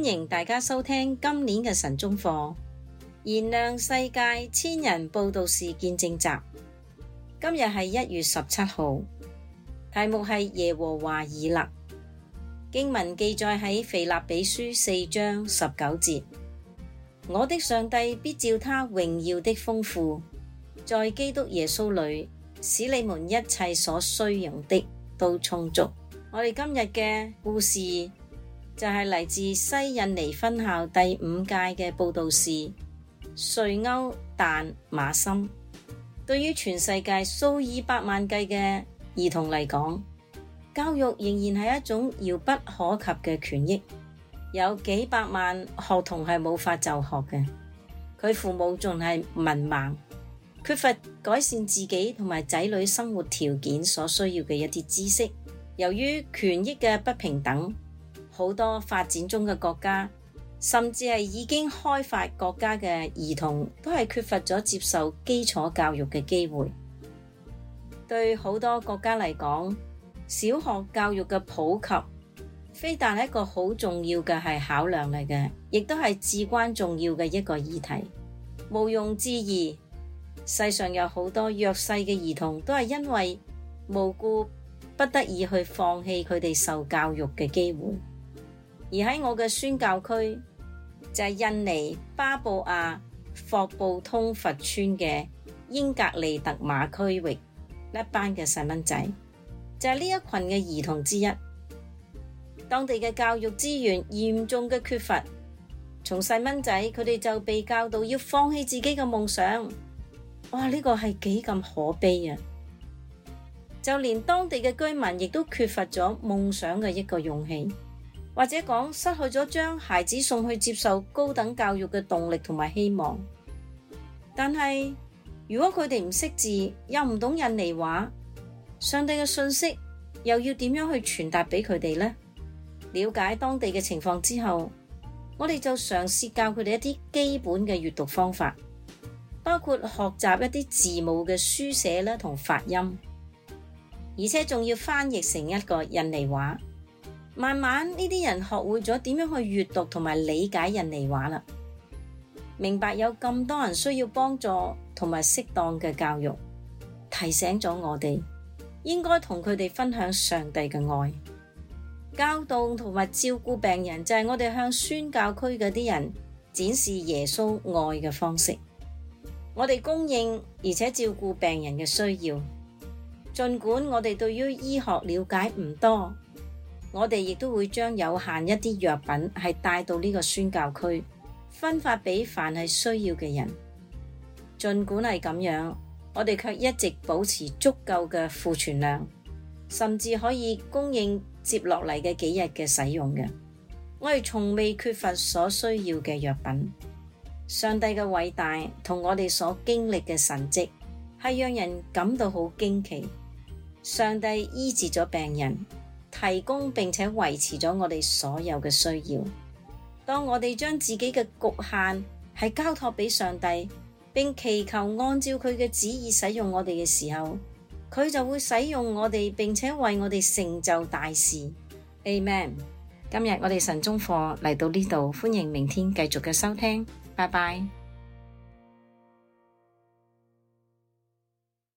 歡迎大家收聽今年嘅晨鐘課，燃亮世界千人佈道士見證集。今日係一月十七號，題目係耶和華以勒。經文記載喺腓立比書四章十九節。我的上帝必照祂榮耀的豐富，在基督耶穌裏，使你們一切所需用的都充足。我哋今日嘅故事。就係、是、嚟自西印尼分校第五屆嘅佈道士瑞歐但馬森，對於全世界數以百萬計嘅兒童嚟講，教育仍然係一種遙不可及嘅權益。有幾百萬學童係冇法就學嘅，佢父母仲係文盲，缺乏改善自己同埋仔女生活條件所需要嘅一啲知識。由於權益嘅不平等。好多發展中嘅國家，甚至係已經開發國家嘅兒童，都係缺乏咗接受基礎教育嘅機會。對好多國家嚟講，小學教育嘅普及，非但係一個好重要嘅係考量嚟嘅，亦都係至關重要嘅一個議題。毋庸置疑，世上有好多弱勢嘅兒童，都係因為無故不得已去放棄佢哋受教育嘅機會。而喺我嘅宣教區，就係印尼巴布亞霍布通佛村嘅英格利特馬區域，一班嘅細蚊仔就係呢一群嘅兒童之一。當地嘅教育資源嚴重嘅缺乏，從細蚊仔佢哋就被教導要放棄自己嘅夢想。哇！呢個係幾咁可悲啊！就連當地嘅居民亦都缺乏咗夢想嘅一個勇氣。或者講失去咗將孩子送去接受高等教育嘅動力同埋希望，但係如果佢哋唔識字又唔懂印尼話，上帝嘅信息又要點樣去傳達俾佢哋呢？了解當地嘅情況之後，我哋就嘗試教佢哋一啲基本嘅閱讀方法，包括學習一啲字母嘅書寫啦同發音，而且仲要翻譯成一個印尼話。慢慢呢啲人學會咗點樣去閱讀同埋理解印尼話啦，明白有咁多人需要幫助同埋適當嘅教育，提醒咗我哋應該同佢哋分享上帝嘅愛，教導同埋照顧病人就係我哋向宣教區嗰啲人展示耶穌愛嘅方式。我哋供應而且照顧病人嘅需要，儘管我哋對於醫學了解唔多。我哋亦都會將有限一啲藥品係帶到呢個宣教區，分發俾凡係需要嘅人。盡管係咁樣，我哋卻一直保持足夠嘅庫存量，甚至可以供應接落嚟嘅幾日嘅使用嘅。我哋從未缺乏所需要嘅藥品。上帝嘅偉大同我哋所經歷嘅神蹟，係讓人感到好驚奇。上帝醫治咗病人。提供並且維持咗我哋所有嘅需要。當我哋將自己嘅局限係交託俾上帝，並祈求按照佢嘅旨意使用我哋嘅時候，佢就會使用我哋，並且為我哋成就大事。Amen。今日我哋晨鐘課嚟到呢度，歡迎明天繼續嘅收聽。拜拜。